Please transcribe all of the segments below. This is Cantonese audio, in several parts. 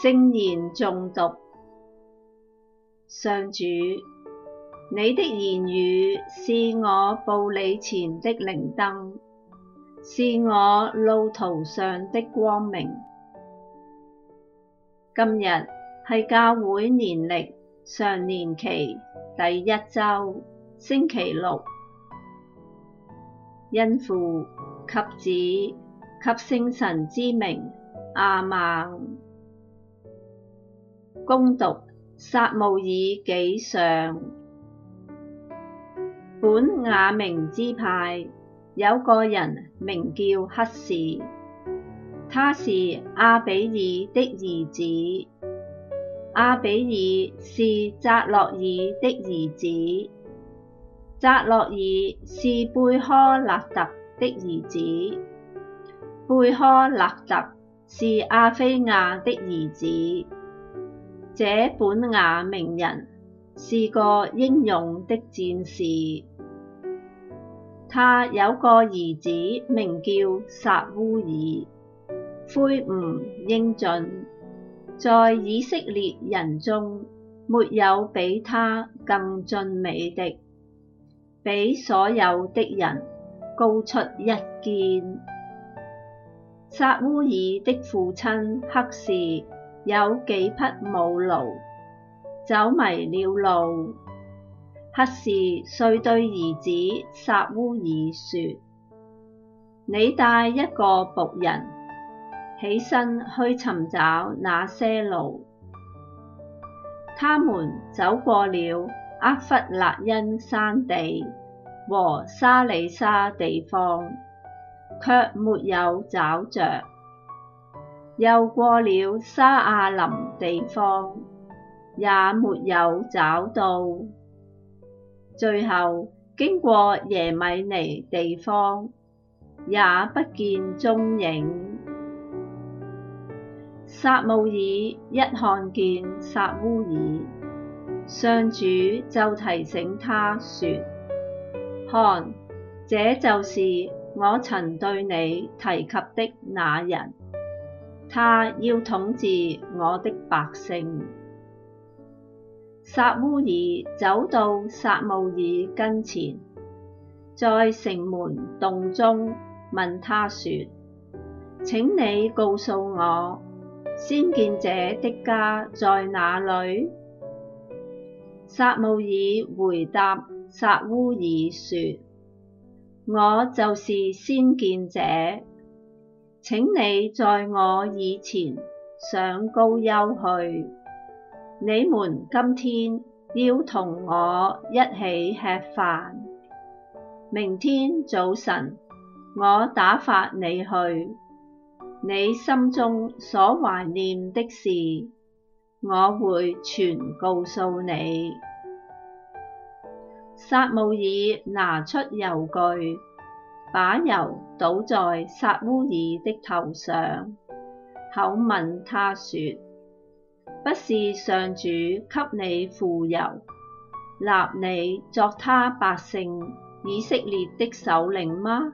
聖言誦讀：「上主，你的言語是我步履前的靈燈，是我路途上的光明。今日係教會年曆常年期第一週，星期六。因父及子及聖神之名，阿孟。恭讀撒慕爾紀上，本雅明支派有個人名叫克士，他是阿彼耳的兒子，阿彼耳是責洛爾的兒子，責洛爾是貝苛辣特的兒子，貝苛辣特是阿非亞的兒子。這本雅明人是個英勇的戰士，他有個兒子名叫撒烏耳，魁梧英俊，在以色列人中沒有比他更俊美的，比所有的人高出一肩。撒烏耳的父親克士。有幾匹母驢，走迷了路，克士遂對兒子撒烏耳說：「你帶一個僕人，起身去尋找那些驢。」他們走過了厄弗辣因山地和沙里沙地方，卻沒有找著。又過了沙阿林地方，也沒有找到；最後經過耶米尼地方，也不見蹤影。撒慕爾一看見撒烏耳，上主就提醒他說：看，這就是我曾對你提及的那人。他要統治我的百姓。撒烏耳走到撒慕爾跟前，在城門洞中問他說：「請你告訴我，先見者的家在哪裏？」撒慕爾回答撒烏耳說：「我就是先見者。」請你在我以前上高丘去。你們今天要同我一起吃飯，明天早晨我打發你去。你心中所懷念的事，我會全告訴你。撒慕爾拿出油具。把油倒在撒烏耳的頭上，口吻他說：「不是上主給你傅油，立你作他百姓以色列的首領嗎？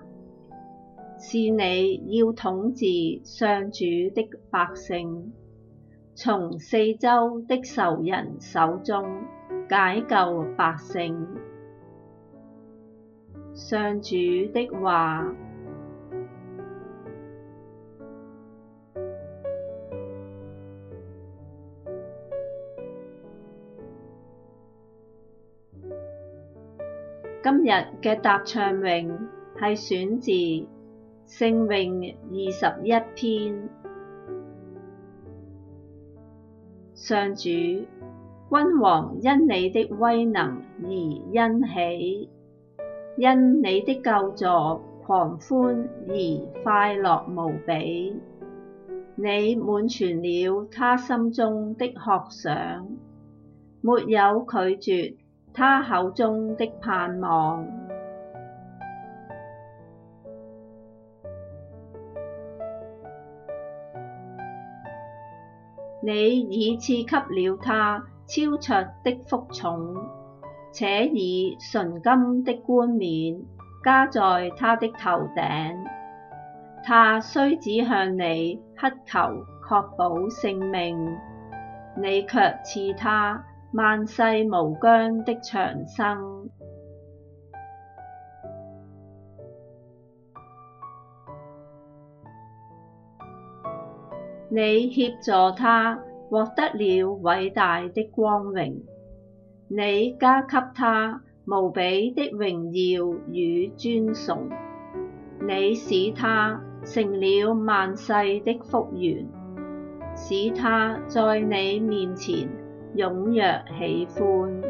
是你要統治上主的百姓，從四周的仇人手中解救百姓。」上主的話，今日嘅答唱詠係選自聖詠二十一篇。上主，君王因你的威能而欣喜。因你的救助，狂歡而快樂無比。你滿全了他心中的渴想，沒有拒絕他口中的盼望。 你已賜給了他超卓的福寵。且以純金的冠冕加在他的頭頂，他雖只向你乞求確保性命，你卻賜他萬世無疆的長生。你協助他獲得了偉大的光榮。你加給他無比的榮耀與尊崇，你使他成了萬世的福源，使他在你面前踴躍喜歡。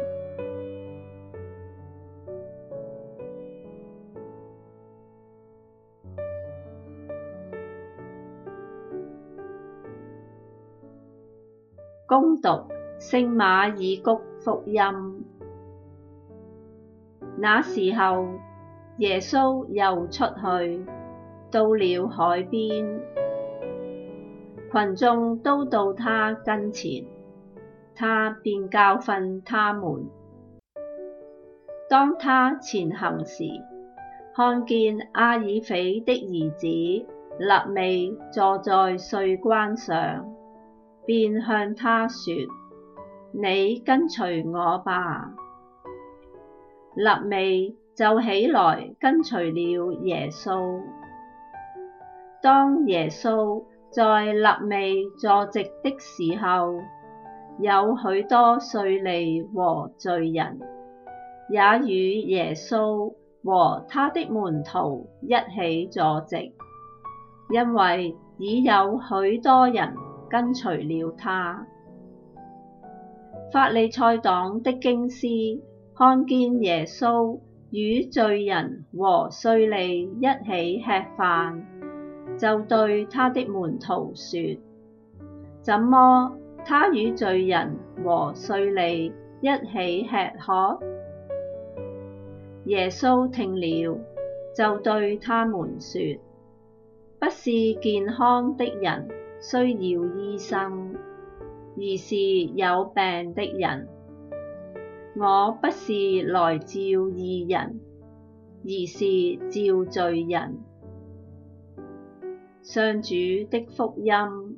恭讀聖馬爾谷。福音。那時候，耶穌又出去，到了海邊，群眾都到他跟前，他便教訓他們。當他前行時，看見阿耳斐的兒子肋未坐在稅關上，便向他說。你跟隨我吧，肋未就起來跟隨了耶穌。當耶穌在肋未坐席的時候，有許多稅吏和罪人也與耶穌和他的門徒一起坐席，因為已有許多人跟隨了他。法利塞黨的經師看見耶穌與罪人和稅吏一起吃飯，就對他的門徒說：怎麼，他與罪人和稅吏一起吃喝？耶穌聽了，就對他們說：不是健康的人需要醫生，而是有病的人，我不是來召義人，而是召罪人。上主的福音。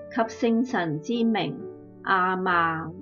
及聖神之名，阿們。